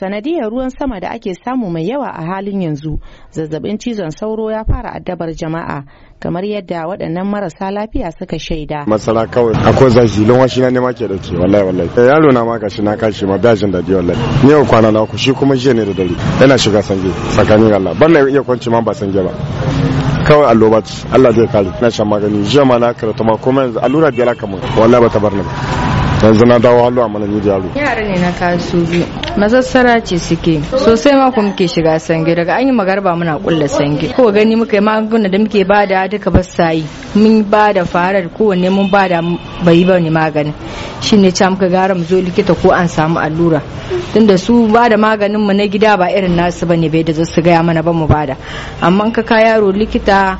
sanadiyar ruwan sama da ake samu mai yawa a halin yanzu zazzabin cizon sauro ya fara addabar jama'a kamar yadda waɗannan marasa lafiya suka shaida masara kawai akwai zafi don washi na nema ke dauke wallahi wallahi eh, yaro na ma gashi na kashi ma bajin da biyu wallahi ni yau kwana na ku shi kuma jiya ne da dare yana shiga sange tsakanin Allah ban iya kwanci ma ba sange ba kawai alloba ce Allah zai kare na shan magani jiya ma na karatu ma kuma yanzu allura biyar kamar wallahi ba ta bar ni ba yanzu na dawo hallo a mana ni da yaro yara ne na kasu biyu masassara ce suke sosai ma kuma muke shiga sange daga an yi magarba muna kulla sange ko gani muka yi magunguna da muke bada duka ba yi mun ba da farar kowanne mun da bai ba ne magani shine can muka gara mu zo likita ko an samu allura tunda su bada maganin mu na gida ba irin nasu bane bai da zasu su gaya mana ba mu bada amma ka ka yaro likita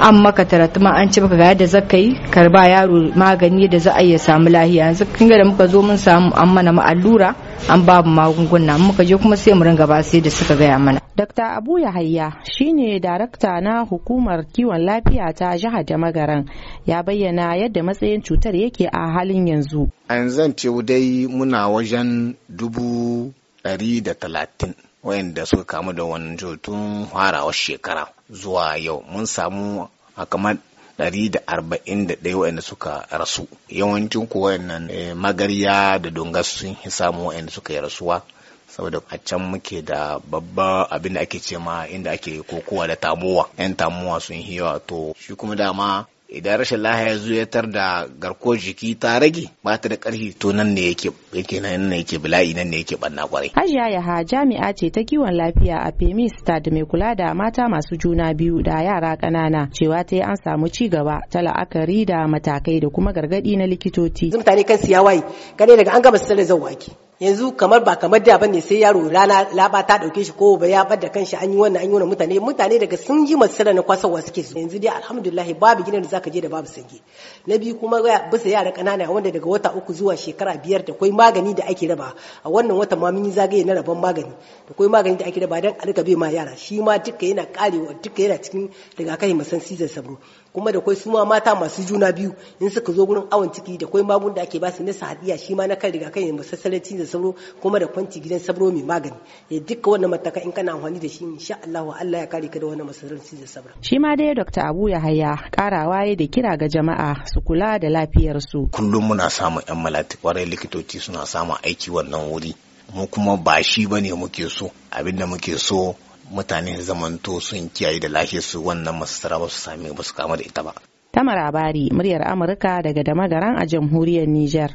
an maka taratuma an ci maka ga yadda zaka yi karba yaro magani da za a iya samu lahiya yanzu kin da muka zo mun samu an mana mu allura an babu magunguna muka je kuma sai mu ringa ba sai da suka gaya mana Dr. Abu Yahaya shine darakta na hukumar kiwon lafiya ta jihar da magaran ya bayyana yadda matsayin cutar yake a halin yanzu. A yanzu dai muna wajen dubu ɗari da talatin. wayanda suka kamu da wannan tun farawar shekara zuwa yau mun samu a kamar ɗari da da arba'in ɗaya wayanda suka rasu yawancin ko wayannan eh, magariya da dongas sun samu wayanda suka yi rasuwa saboda a can muke da babba abin da ake ce ma inda ake kokowa da tamuwa yan tamuwa sun yi yawa to shi kuma dama idan rashin lahaya ya zo ya tar da garkuwar jiki ta rage ba ta da karfi to nan ne yake yake nan ne yake bala'i nan ne yake banna kwarai Hajiya Yaha jami'a ce ta kiwon lafiya a Femi Stad mai kula da mata masu juna biyu da yara ƙanana cewa ta yi an samu ci gaba ta la'akari da matakai da kuma gargadi na likitoci mutane kan siya waye daga an gama sirri zan wake yanzu kamar ba kamar da bane sai yaro rana laba ta dauke shi ko ba ya bada kanshi an yi wannan an yi wannan mutane mutane daga sun ji masira na kwasawa suke su yanzu dai alhamdulillah babu gidan da za ka je da babu sange na biyu kuma bisa yara kanana wanda daga wata uku zuwa shekara biyar da kwai magani da ake raba a wannan wata ma mun yi zagaye na rabon magani da kwai magani da ake raba dan a rika ma yara shi ma duka yana karewa duka yana cikin daga kai masan sizan sabo kuma da kwai su ma mata masu juna biyu in suka zo gurin awon ciki da kwai magun da ake basu na sadiya shi ma na kan riga kan yamma sassalar cizon sauro kuma da kwanci gidan sauro mai magani ya e, dukkan wannan mataka in kana amfani da shi insha Allah wa Allah ya kare ka da wannan masarar cizon sauro shi ma dai Dr. Abu Yahaya karawa ya da kira ga jama'a su kula da lafiyar su kullum muna samun yan malati kwarai likitoci suna samun aiki wannan wuri mu kuma ba shi bane muke so abinda muke so mutane zamanto sun kiyaye da lafiyar su wannan masasara ba su sami ba su kama da ita ba. Tamara Bari muryar Amurka daga Damagaran a jamhuriyar Nijar.